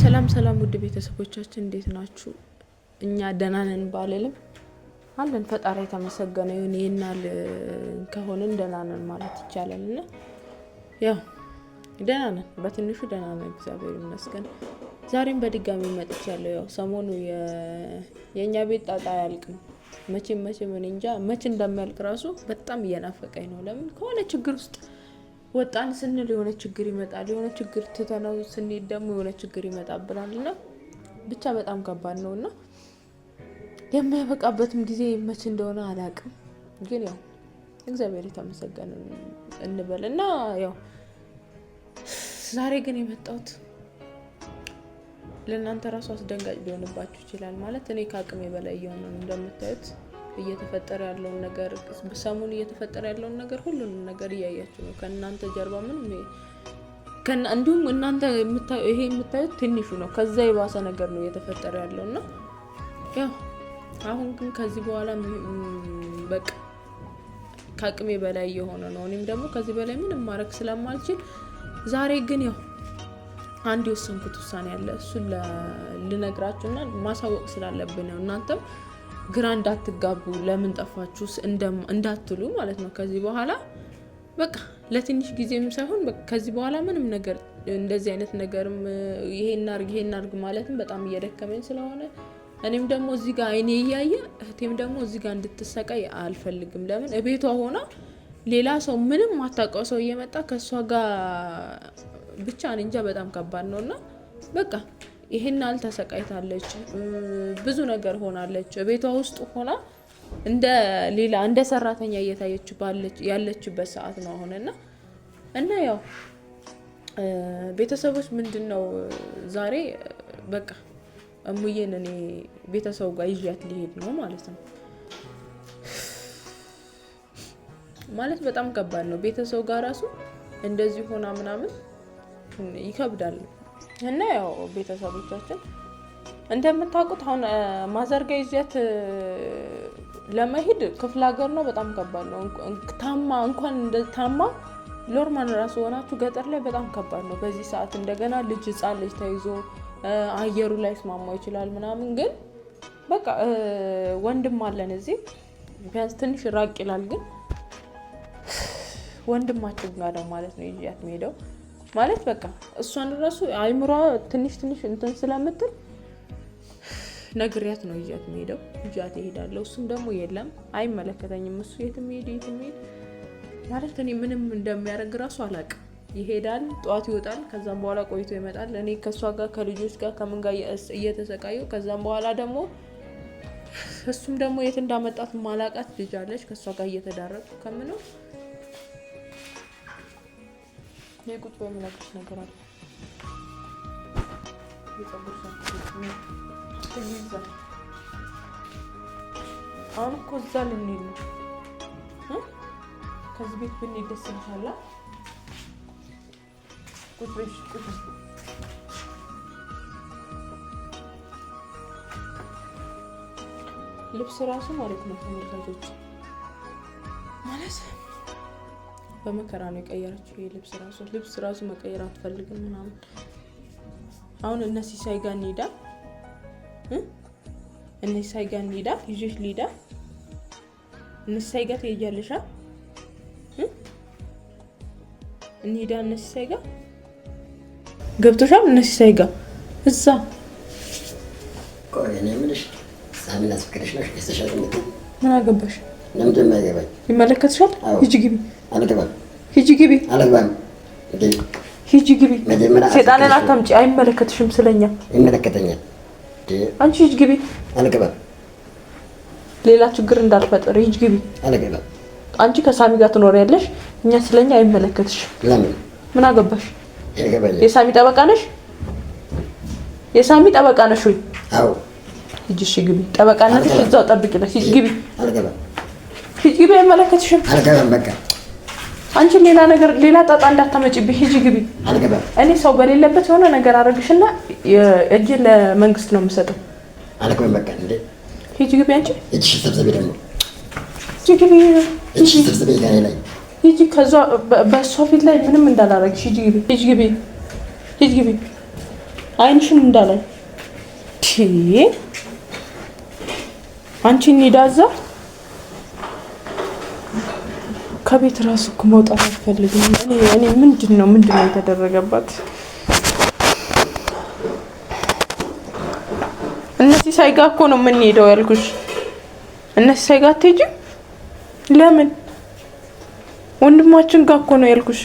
ሰላም ሰላም፣ ውድ ቤተሰቦቻችን እንዴት ናችሁ? እኛ ደህና ነን ባልልም አለን፣ ፈጣሪ የተመሰገነ ይሁን። ይህናል ከሆንን ደህና ነን ማለት ይቻላል። እና ያው ደህና ነን፣ በትንሹ ደህና ነን፣ እግዚአብሔር ይመስገን። ዛሬም በድጋሚ መጥቻለሁ። ያው ሰሞኑ የእኛ ቤት ጣጣ አያልቅም። መቼም መቼም እኔ እንጃ መቼ እንደሚያልቅ ራሱ በጣም እየናፈቀኝ ነው። ለምን ከሆነ ችግር ውስጥ ወጣን ስንል የሆነ ችግር ይመጣል፣ የሆነ ችግር ትተነው ስንሄድ ደግሞ የሆነ ችግር ይመጣብናል እና ብቻ በጣም ከባድ ነው እና የሚያበቃበትም ጊዜ መቼ እንደሆነ አላውቅም። ግን ያው እግዚአብሔር የተመሰገን እንበል እና ያው ዛሬ ግን የመጣሁት ለእናንተ ራሱ አስደንጋጭ ሊሆንባችሁ ይችላል። ማለት እኔ ከአቅሜ በላይ እየሆነ ነው። እንደምታዩት እየተፈጠረ ያለውን ነገር ሰሞኑን እየተፈጠረ ያለውን ነገር ሁሉንም ነገር እያያችሁ ነው። ከእናንተ ጀርባ ምንም እንዲሁም እናንተ ይሄ የምታዩት ትንሹ ነው። ከዛ የባሰ ነገር ነው እየተፈጠረ ያለው እና ያው አሁን ግን ከዚህ በኋላ በቃ ከአቅሜ በላይ እየሆነ ነው። እኔም ደግሞ ከዚህ በላይ ምንም ማድረግ ስለማልችል ዛሬ ግን ያው አንድ የወሰንኩት ውሳኔ ያለ እሱን ልነግራችሁና ማሳወቅ ስላለብን ነው። እናንተም ግራ እንዳትጋቡ ለምን ጠፋችሁ እንዳትሉ ማለት ነው። ከዚህ በኋላ በቃ ለትንሽ ጊዜም ሳይሆን ከዚህ በኋላ ምንም ነገር እንደዚህ አይነት ነገርም ይሄን አድርግ ይሄን አድርግ ማለትም በጣም እየደከመኝ ስለሆነ እኔም ደግሞ እዚህ ጋር አይኔ እያየ እህቴም ደግሞ እዚህ ጋር እንድትሰቃይ አልፈልግም። ለምን እቤቷ ሆና ሌላ ሰው ምንም ማታውቀው ሰው እየመጣ ከእሷ ጋር ብቻ እንጃ በጣም ከባድ ነው እና በቃ ይሄን ያህል ተሰቃይታለች፣ ብዙ ነገር ሆናለች። ቤቷ ውስጥ ሆና እንደ ሌላ እንደ ሰራተኛ እየታየች ያለችበት ሰዓት ነው አሁን እና እና ያው ቤተሰቦች ምንድን ነው ዛሬ በቃ እሙዬን እኔ ቤተሰቡ ጋር ይዣት ሊሄድ ነው ማለት ነው። ማለት በጣም ከባድ ነው ቤተሰቡ ጋር ራሱ እንደዚህ ሆና ምናምን ይከብዳል እና ያው ቤተሰቦቻችን እንደምታውቁት አሁን ማዘርጋ ይዘት ለመሄድ ክፍለ ሀገር ነው፣ በጣም ከባድ ነው። ታማ እንኳን ታማ ሎርማን ራሱ ሆናችሁ ገጠር ላይ በጣም ከባድ ነው። በዚህ ሰዓት እንደገና ልጅ ህፃን ልጅ ተይዞ አየሩ ላይ ስማማ ይችላል ምናምን፣ ግን በቃ ወንድም አለን እዚህ ቢያንስ ትንሽ ራቅ ይላል፣ ግን ወንድማችን ጋር ነው ማለት ነው ይዣት የሚሄደው ማለት በቃ እሷን ራሱ አይምሯ ትንሽ ትንሽ እንትን ስለምትል ነግሪያት ነው ይዣት ሄደው እያት እሄዳለሁ። እሱም ደግሞ የለም አይመለከተኝም፣ እሱ የትም ሄድ የትም ሄድ ማለት እኔ ምንም እንደሚያደርግ ራሱ አላውቅም። ይሄዳል፣ ጠዋት ይወጣል፣ ከዛም በኋላ ቆይቶ ይመጣል። እኔ ከእሷ ጋር ከልጆች ጋር ከምን ጋር እየተሰቃየሁ ከዛም በኋላ ደግሞ እሱም ደግሞ የት እንዳመጣት ማላቃት ልጅ አለች ከእሷ ጋር እየተዳረጉ ከምነው የቁጭ በምላቶች ነገር አለ አሁን እኮ እዛ ልንሄድ ነው። ከዚህ ቤት ብንሄድ ደስ ይልሻል? ቁጭ በይ ቁጭ ልብስ ራሱ ማለት ነው ተመልካቾች ማለት በመከራ ነው የቀየረችው። ልብስ ራሱ ልብስ ራሱ መቀየር አትፈልግም ምናምን። አሁን እነ ሲሳይ ጋር እንሂዳ እነ ሲሳይ ጋር እንሂዳ ይዤሽ ልሂዳ እነ ሲሳይ ጋር ትሄጃለሽ። እንሂዳ እነ ሲሳይ ጋር ገብቶሻል። እነ ሲሳይ ጋር እዛ ምን አገባሽ? ይመለከትሻል። ሂጂ ግቢ። አልገባም ሂጂ ግቢ። ሂጂ ግቢ። ሴጣንን አታምጪ። አይመለከትሽም። ስለኛ ይመለከተኛል። አንቺ ሂጂ ግቢ። አልገባም። ሌላ ችግር እንዳልፈጥር ሂጂ ግቢ። አልገባም። አንቺ ከሳሚ ጋር ትኖሪያለሽ። እኛ ስለኛ አይመለከትሽም። ለምን? ምን አገባሽ? የሳሚ ጠበቃ ነሽ? የሳሚ ጠበቃ ነሽ ወይ? አዎ። ሂጂ እሺ፣ ግቢ። ጠበቃነትሽ እዛው ጠብቂ። ሂጂ ግቢ። አልገባም። ሂጂ ግቢ። አይመለከትሽም። አልገባም። በቃ አንቺ ሌላ ነገር ሌላ ጣጣ እንዳታመጭብኝ። ሂጂ ግቢ። እኔ ሰው በሌለበት የሆነ ነገር አደረግሽና እጅ ለመንግስት ነው የምሰጠው። አልገባም። በቃ እንዴ! ሂጂ ግቢ። አንቺ እጅ ሰብሰቤ ደግሞ ሂጂ ግቢ። እጅ ሰብሰቤ ጋር ላይ ሂጂ። ከዛ በእሷ ፊት ላይ ምንም እንዳላረግሽ ሂጂ ግቢ። ሂጂ ግቢ። ሂጂ ግቢ። አይንሽን እንዳላይ ቲ አንቺ እንሂዳ እዛ ከቤት ራሱ እኮ መውጣት አትፈልግም። እኔ እኔ ምንድን ነው ምንድን ነው የተደረገባት? እነዚህ ሳይጋ እኮ ነው የምንሄደው ያልኩሽ። እነዚህ ሳይጋ አትሄጂም። ለምን? ወንድማችን ጋር እኮ ነው ያልኩሽ።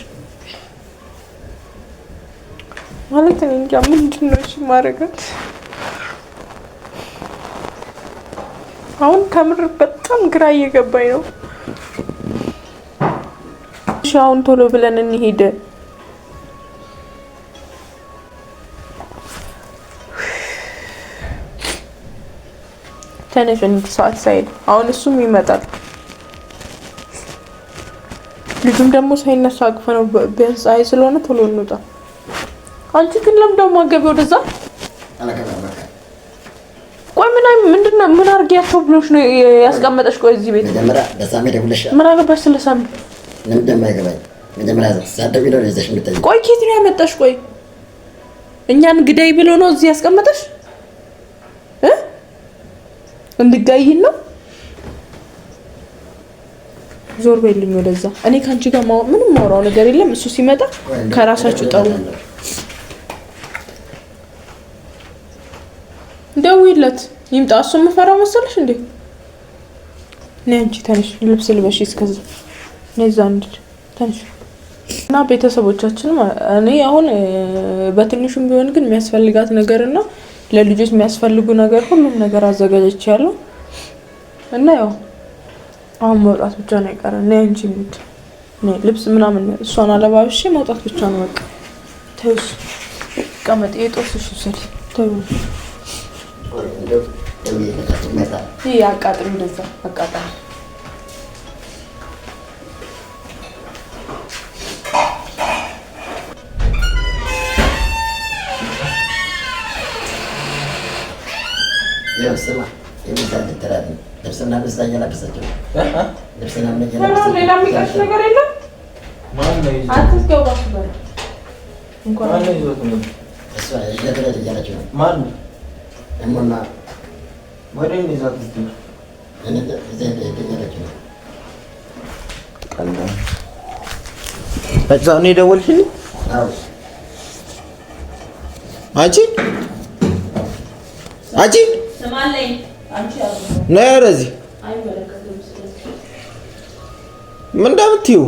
ማለት እኔ እንጃ ምንድን ነው እሺ ማድረጋት አሁን ከምር በጣም ግራ እየገባኝ ነው። አሁን ቶሎ ብለን እንሂድ። ተነሽ፣ እንድ ሰዓት ሳይል አሁን እሱም ይመጣል። ልጁም ደግሞ ሳይነሳ አቅፈ ነው ቢያንስ ፀሐይ ስለሆነ ቶሎ እንውጣ። አንቺ ግን ለምን ደግሞ አገቢ ወደዛ? ቆይ ምን አይ ምንድን ነው ምን አድርጊያቸው ብሎሽ ነው ያስቀመጠሽ? ቆይ እዚህ ቤት ምን አገባሽ ስለሳሚ እንደማይገባኝ ነው ቆይ ኬት ነው ያመጣሽ? ቆይ እኛን ግዳይ ብሎ ነው እዚህ ያስቀመጠሽ? እንድጋይን ነው? ዞር በይልኝ ወደዛ። እኔ ከአንቺ ጋር ምንም ማውራው ነገር የለም። እሱ ሲመጣ ከራሳችሁ ጠሩ። ደውይለት ይምጣ። እሱ የምፈራው መሰለሽ እንዴ? እኔ አንቺ ተነሽ ልብስ ልበሽ እነዛን ልጅ ትንሽ እና ቤተሰቦቻችንም እኔ አሁን በትንሹም ቢሆን ግን የሚያስፈልጋት ነገር እና ለልጆች የሚያስፈልጉ ነገር ሁሉም ነገር አዘጋጀች ያለው እና ያው አሁን መውጣት ብቻ ነው የቀረ እና ያንቺ ሚድ ልብስ ምናምን እሷን አለባብሼ መውጣት ብቻ ነው በቃ። ተውሽ ቀመጥ የጦስሽ ውሰድ ተው ያቃጥል እንደዛ አቃጣሚ ስማ የቤዛን ትትላት ልብስና ብሳ እየላበሰችው ልብስና ሌላ የሚቀር ነገር የለም። እኔ ደወልሽልኝ አንቺ አንቺ ነይ ወደዚህ ምን እንደምትዩ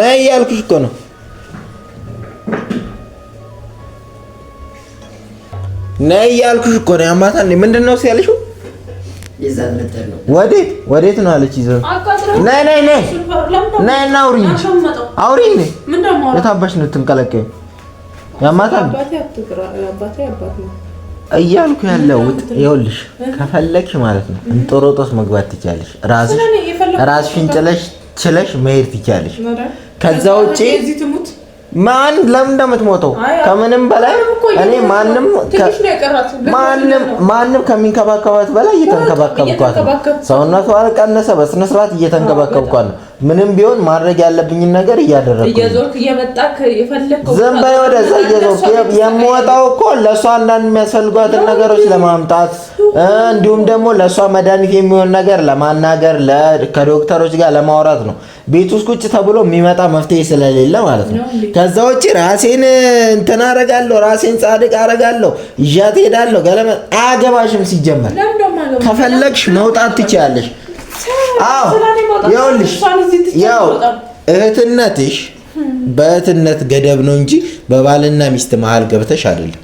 ነይ እያልኩሽ እኮ ነው። ነይ እያልኩሽ እኮ ነው። ያማታ እንዴ ምንድን ነው ሲያልሽው? ወዴት ወዴት ነው አለች። ይዘ ነይ ነይ ነይ ነይ እና አውሪ እንጂ የታባሽ ነው ትንቀለቀይ ያማታ እያልኩ ያለሁት ይኸውልሽ፣ ከፈለግሽ ማለት ነው እንጦሮጦስ መግባት ትቻለሽ። ራስሽን ጭለሽ ችለሽ መሄድ ትቻለሽ። ከዛ ውጪ ማን ለምን እንደምትሞተው ከምንም በላይ እኔ ማንም ማንም ማንም ከሚንከባከባት በላይ እየተንከባከብኳት ነው። ሰውነቷ አልቀነሰ፣ በስነ ስርዓት እየተንከባከብኳት ነው። ምንም ቢሆን ማድረግ ያለብኝን ነገር እያደረግኩ እየዞርክ እየመጣክ የፈለከው የምወጣው እኮ ለእሷ አንዳንድ የሚያስፈልጓትን ነገሮች ለማምጣት እንዲሁም ደግሞ ለእሷ መድኃኒት የሚሆን ነገር ለማናገር ከዶክተሮች ጋር ለማውራት ነው። ቤት ውስጥ ቁጭ ተብሎ የሚመጣ መፍትሄ ስለሌለ ማለት ነው። ከዛ ውጭ ራሴን እንትን አረጋለሁ፣ ራሴን ጻድቅ አረጋለሁ፣ ይዣት ሄዳለሁ። ገለመ አያገባሽም። ሲጀመር ከፈለግሽ መውጣት ትችላለሽ። እህትነትሽ በእህትነት ገደብ ነው እንጂ በባልና ሚስት መሀል ገብተሽ አይደለም።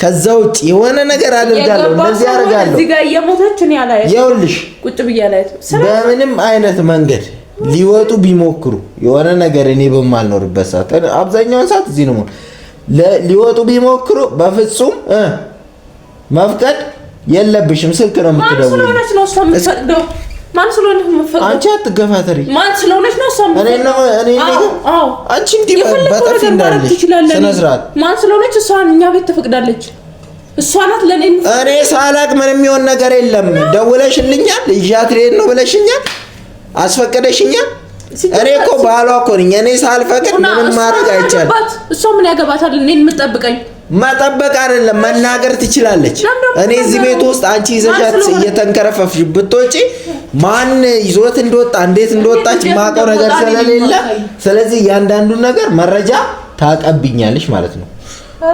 ከዛ ውጭ የሆነ ነገር አደርጋለሁ እንደዚህ አደርጋለሁ ይኸውልሽ፣ በምንም አይነት መንገድ ሊወጡ ቢሞክሩ የሆነ ነገር እኔ በማልኖርበት ሰዓት አብዛኛውን ሰዓት እዚህ ነው ሊወጡ ቢሞክሩ በፍጹም መፍቀድ የለብሽም ስልክ ነው የምትደውለው። ማን ስለሆነ አንቺ አትገፋተሪ። ማን ስለሆነች ነው እሷ እኔ ነው እኔ አንቺ እንዲህ በጠፊ እንዳለች ስነ ስርዓት ማን ስለሆነች እሷ እኛ ቤት ትፈቅዳለች። እሷ ናት ለኔ እኔ ሳላቅ ምንም የሚሆን ነገር የለም። ደውለሽልኛል፣ ይዣት ልሄድ ነው ብለሽኛል፣ አስፈቀደሽኛል። እኔ እኮ ባሏ እኮ ነኝ። እኔ ሳልፈቅድ ምንም ማድረግ አይቻልም። እሷ ምን ያገባታል እኔን የምትጠብቀኝ መጠበቅ አይደለም መናገር ትችላለች። እኔ እዚህ ቤት ውስጥ አንቺ ይዘሻት እየተንከረፈፍሽ ብትወጪ ማን ይዞት እንደወጣ እንዴት እንደወጣች ማቀው ነገር ስለሌለ፣ ስለዚህ እያንዳንዱን ነገር መረጃ ታቀብኛለች ማለት ነው።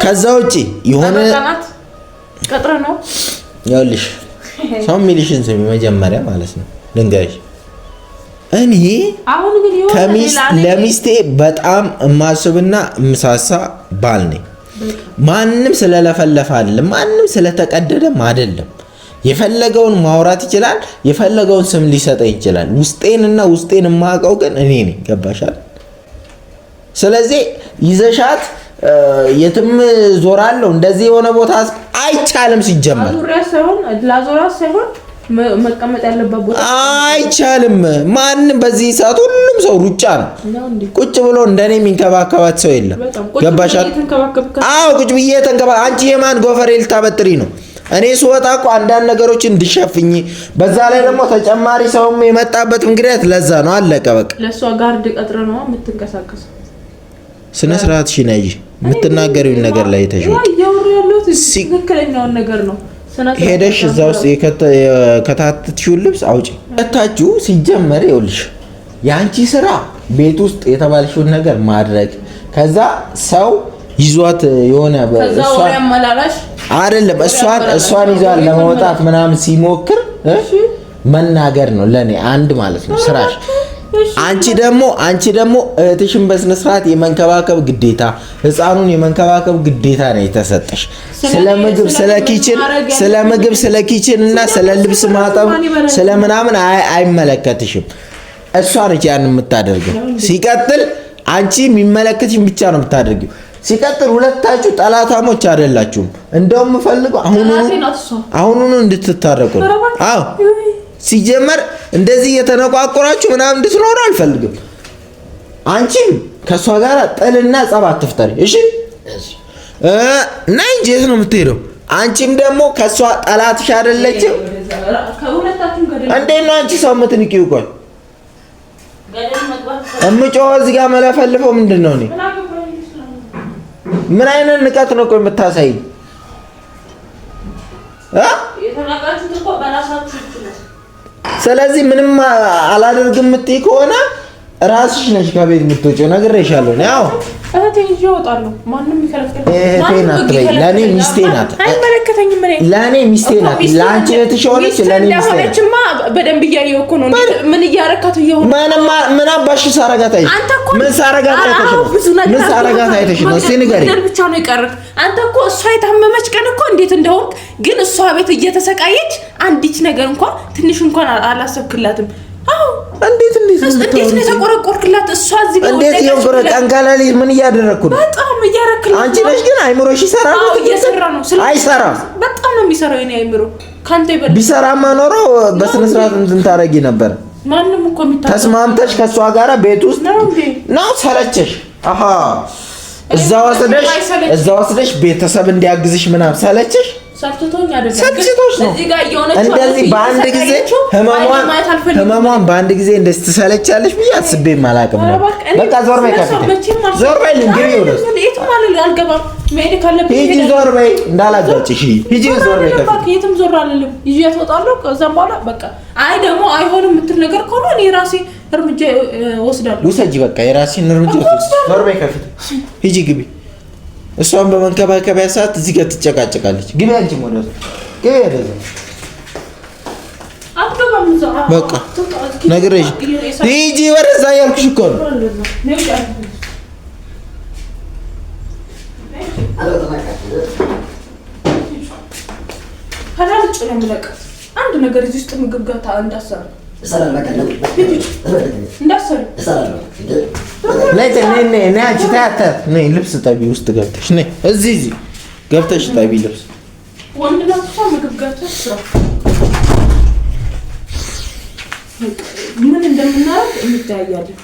ከዛ ውጪ የሆነ ቀጥረ ነው ያልሽ ሰው የሚልሽን ስሚ መጀመሪያ ማለት ነው ልንገርሽ እኔ ለሚስቴ በጣም የማስብና የምሳሳ ባል ነኝ። ማንም ስለለፈለፈ አይደለም፣ ማንም ስለተቀደደም አይደለም። የፈለገውን ማውራት ይችላል፣ የፈለገውን ስም ሊሰጠ ይችላል። ውስጤንና ውስጤን የማውቀው ግን እኔ ነኝ። ገባሻል? ስለዚህ ይዘሻት የትም ዞራለሁ እንደዚህ የሆነ ቦታ አይቻልም። ሲጀመር ዙሪያ ሳይሆን ላዞራ ሳይሆን አይቻልም። ማንም በዚህ ሰዓት ሁሉም ሰው ሩጫ ነው። ቁጭ ብሎ እንደኔ የሚንከባከባት ሰው የለም። ገባሻል? አዎ ቁጭ ብዬ ተንከባ አንቺ የማን ጎፈሬ ልታበጥሪ ነው? እኔ ስወጣ እኮ አንዳንድ ነገሮች እንድሸፍኝ በዛ ላይ ደግሞ ተጨማሪ ሰውም የመጣበት ምክንያት ለዛ ነው። አለቀ በቃ። ለእሷ ጋርድ ቀጥረ ነው የምትንቀሳቀሰው። ስነ ስርዓት ሽናይ የምትናገሪውን ነገር ላይ ተሽ ትክክለኛውን ነገር ነው ሄደሽ እዛ ውስጥ የከታተትሽውን ልብስ አውጪ። ከታችሁ ሲጀመር ይኸውልሽ የአንቺ ስራ ቤት ውስጥ የተባልሽውን ነገር ማድረግ ከዛ ሰው ይዟት የሆነ አይደለም እሷን እሷን ይዟት ለመውጣት ምናምን ሲሞክር መናገር ነው ለእኔ አንድ ማለት ነው ስራሽ አንቺ ደግሞ አንቺ ደግሞ እህትሽን በስነ ስርዓት የመንከባከብ ግዴታ ህፃኑን የመንከባከብ ግዴታ ነው የተሰጠሽ። ስለ ምግብ ስለ ኪችን ስለ ምግብ ስለ ኪችን እና ስለ ልብስ ማጠብ ስለ ምናምን አይመለከትሽም። እሷ ነች ያን የምታደርገው። ሲቀጥል አንቺ የሚመለከትሽን ብቻ ነው የምታደርገው። ሲቀጥል ሁለታችሁ ጠላታሞች አይደላችሁም። እንደውም የምፈልገው አሁኑኑ አሁኑኑ እንድትታረቁ ነው። አዎ ሲጀመር እንደዚህ እየተነቋቆራችሁ ምናምን እንድትኖሩ አልፈልግም። አንቺም ከእሷ ጋር ጥልና ጸብ አትፍጠሪ። እሺ እና እንጂ የት ነው የምትሄደው? አንቺም ደግሞ ከእሷ ጠላትሽ አይደለችም። እንዴት ነው አንቺ ሰው የምትንቂ ቆይ እምጮኸው እዚህ ጋር መለፈልፈው ምንድን ነው? እኔ ምን አይነት ንቀት ነው የምታሳይ ስለዚህ ምንም አላደርግም የምትይ ከሆነ ራስሽ ነሽ ከቤት የምትወጪው፣ ነግሬሻለሁ። እህቴ ይዤ እወጣለሁ። ማንም ይከለክል። ለእኔ ሚስቴ ናት። ለእኔ ሚስቴ ናት። ለአንቺ እህትሽ ሆነች ለእኔ ሚስቴ ናት። በደንብ እያየሁ እኮ ነው። ምን እያረካት እየሆነ ምን አባሽ ሳረጋት አይሽ? ምን ሳረጋት አይተሽ ነው? ምን ሳረጋት አይተሽ ነው? እስኪ ንገሪኝ። ብቻ ነው የቀረ። አንተ እኮ እሷ የታመመች ቀን እኮ እንዴት እንደሆንክ ግን እሷ ቤት እየተሰቃየች አንዲት ነገር እንኳን ትንሽ እንኳን አላሰብክላትም። እንዴት እንዴት እንዴት ነው የተቆረቆርክላት? እሷ እዚህ እንዴት የቆረ ምን እያደረግኩ ነው? በጣም አንቺ ነሽ። ግን አይምሮሽ ይሰራ ነው? እየሰራ ነው። አይሰራም። በጣም ነው የሚሰራው የኔ አይምሮ። ካንተ ይበል። ቢሰራማ ኖሮ በስነ ስርዓት እንትን ታረጊ ነበር። ማንም እኮ የሚታወቅ ተስማምተሽ ከእሷ ቤት ውስጥ ነው እንዴ? ነው ሰለቸሽ? አሃ እዛ ወስደሽ እዛ ወስደሽ ቤተሰብ እንዲያግዝሽ ምናምን ሰለቸሽ? ሰልችቶች ነው እንደዚህ በአንድ ጊዜ ህመሟን በአንድ ጊዜ እንደዚህ ትሰለቻለች ብዬ አስቤም አላውቅም ነው። በቃ ዞር በይ፣ ዞር በይ፣ ሂጂ ዞር በይ፣ እንዳላጋጭሽ ሂጂ ዞር በይ። የትም ዞር አልልም፣ ይዤ ትወጣለሁ። ከዛም በኋላ በቃ አይ ደግሞ አይሆንም የምትል ነገር ከሆነ እኔ ራሴ እርምጃ ወስዳለሁ። ውሰጂ በቃ የራሴን እርምጃ ዞር በይ፣ ከፊት ሂጂ ግቢ እሷን በመንከባከቢያ ሰዓት እዚህ ጋር ትጨቃጨቃለች። ግቢ አንቺ ወደ ግቢ ያደዘ በቃ ነግሬሽ ሂጂ ወደዛ ያልኩሽ እኮ ነው። ነገር ነይ ልብስ ጠቢ፣ ውስጥ ገብተሽ ነይ፣ እዚህ እዚህ ገብተሽ ጠቢ ልብስ። ምን እንደምናደርግ እንተያያለን።